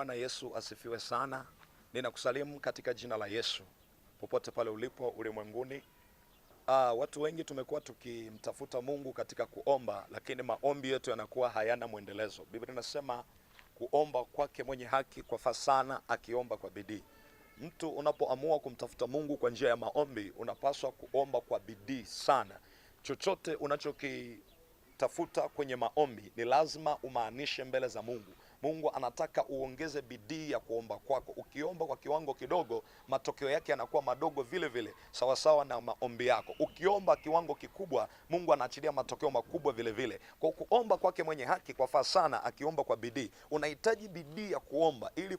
Bwana Yesu asifiwe sana. Ninakusalimu katika jina la Yesu popote pale ulipo ulimwenguni. Ah, watu wengi tumekuwa tukimtafuta Mungu katika kuomba, lakini maombi yetu yanakuwa hayana mwendelezo. Biblia inasema kuomba kwake mwenye haki kwa fasana, akiomba kwa bidii. Mtu unapoamua kumtafuta Mungu kwa njia ya maombi, unapaswa kuomba kwa bidii sana. Chochote unachokitafuta kwenye maombi ni lazima umaanishe mbele za Mungu. Mungu anataka uongeze bidii ya kuomba kwako. Ukiomba kwa kiwango kidogo, matokeo yake yanakuwa madogo vile vile, sawasawa na maombi yako. Ukiomba kiwango kikubwa, Mungu anaachilia matokeo makubwa vile vile. Kwa kuomba kwake mwenye haki kwafaa sana akiomba kwa bidii. Unahitaji bidii ya kuomba ili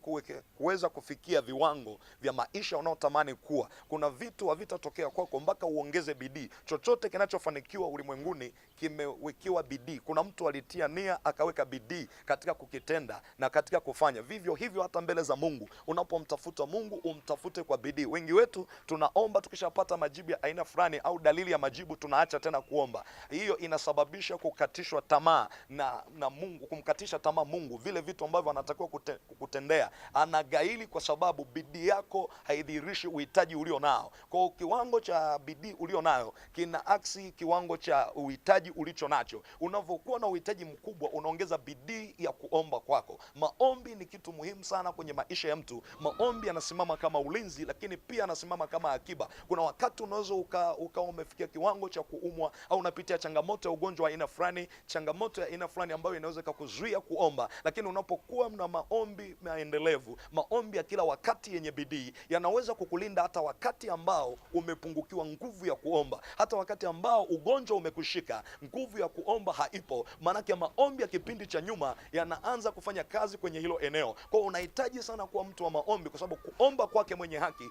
kuweza kufikia viwango vya maisha unaotamani kuwa. Kuna vitu havitatokea kwako mpaka uongeze bidii. Chochote kinachofanikiwa ulimwenguni kimewekewa bidii. Kuna mtu alitia nia akaweka bidii katika kukitenda kutenda na katika kufanya. Vivyo hivyo hata mbele za Mungu, unapomtafuta Mungu umtafute kwa bidii. Wengi wetu tunaomba, tukishapata majibu ya aina fulani au dalili ya majibu, tunaacha tena kuomba. Hiyo inasababisha kukatishwa tamaa na, na Mungu, kumkatisha tamaa Mungu vile vitu ambavyo anatakiwa kute, kutendea anagaili, kwa sababu bidii yako haidhihirishi uhitaji ulio nao. Kwa kiwango cha bidii ulio nayo kina aksi kiwango cha uhitaji ulicho nacho. Unavyokuwa na uhitaji mkubwa, unaongeza bidii ya kuomba kwa wako. Maombi ni kitu muhimu sana kwenye maisha ya mtu. Maombi yanasimama kama ulinzi, lakini pia anasimama kama akiba. Kuna wakati unaweza ukawa uka umefikia kiwango cha kuumwa au unapitia changamoto ya ugonjwa wa aina fulani, changamoto ya aina fulani ambayo inaweza kukuzuia kuomba, lakini unapokuwa na maombi maendelevu, maombi ya kila wakati yenye bidii, yanaweza kukulinda hata wakati ambao umepungukiwa nguvu ya kuomba, hata wakati ambao ugonjwa umekushika, nguvu ya kuomba haipo. Maanake maombi ya kipindi cha nyuma yanaanza kufanya kufanya kazi kwenye hilo eneo. Kwa hiyo unahitaji sana kuwa mtu wa maombi, kwa sababu kuomba kwake mwenye haki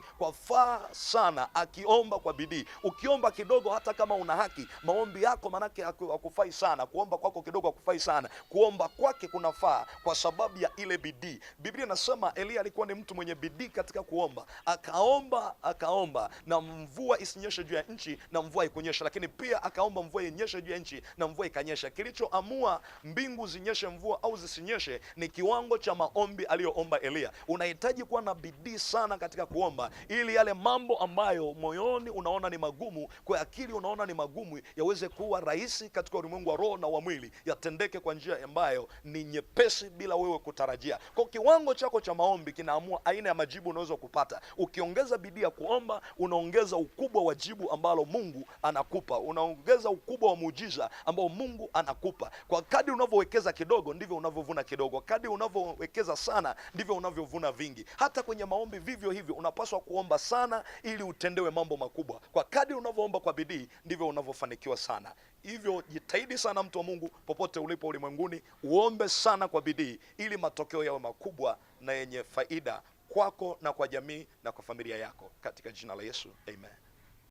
faa sana, akiomba kwa bidii. Ukiomba kidogo, hata kama una haki, maombi yako manake hakufai sana, kuomba kwako kidogo hakufai sana, kuomba kwake kunafaa kwa sababu ya ile bidii. Biblia inasema Eliya alikuwa ni mtu mwenye bidii katika kuomba, akaomba akaomba, na mvua isinyeshe juu ya nchi, na mvua ikunyesha, lakini pia akaomba mvua inyeshe juu ya nchi, na mvua ikanyesha. Kilichoamua mbingu zinyeshe mvua au zisinyeshe ni kiwango cha maombi aliyoomba Eliya. Unahitaji kuwa na bidii sana katika kuomba, ili yale mambo ambayo moyoni unaona ni magumu, kwa akili unaona ni magumu, yaweze kuwa rahisi katika ulimwengu wa roho na wa mwili, yatendeke kwa njia ambayo ni nyepesi bila wewe kutarajia. Kwa kiwango chako cha maombi kinaamua aina ya majibu unaweza kupata. Ukiongeza bidii ya kuomba, unaongeza ukubwa wa jibu ambalo Mungu anakupa, unaongeza ukubwa wa muujiza ambao Mungu anakupa. Kwa kadri unavyowekeza kidogo, ndivyo unavyovuna kidogo kubwa. unavyowekeza sana, ndivyo unavyovuna vingi. Hata kwenye maombi vivyo hivyo, unapaswa kuomba sana ili utendewe mambo makubwa. Kwa kadi unavyoomba kwa bidii, ndivyo unavyofanikiwa sana. Hivyo jitahidi sana, mtu wa Mungu, popote ulipo ulimwenguni, uombe sana kwa bidii, ili matokeo yawe makubwa na yenye faida kwako na kwa jamii na kwa familia yako, katika jina la Yesu, amen.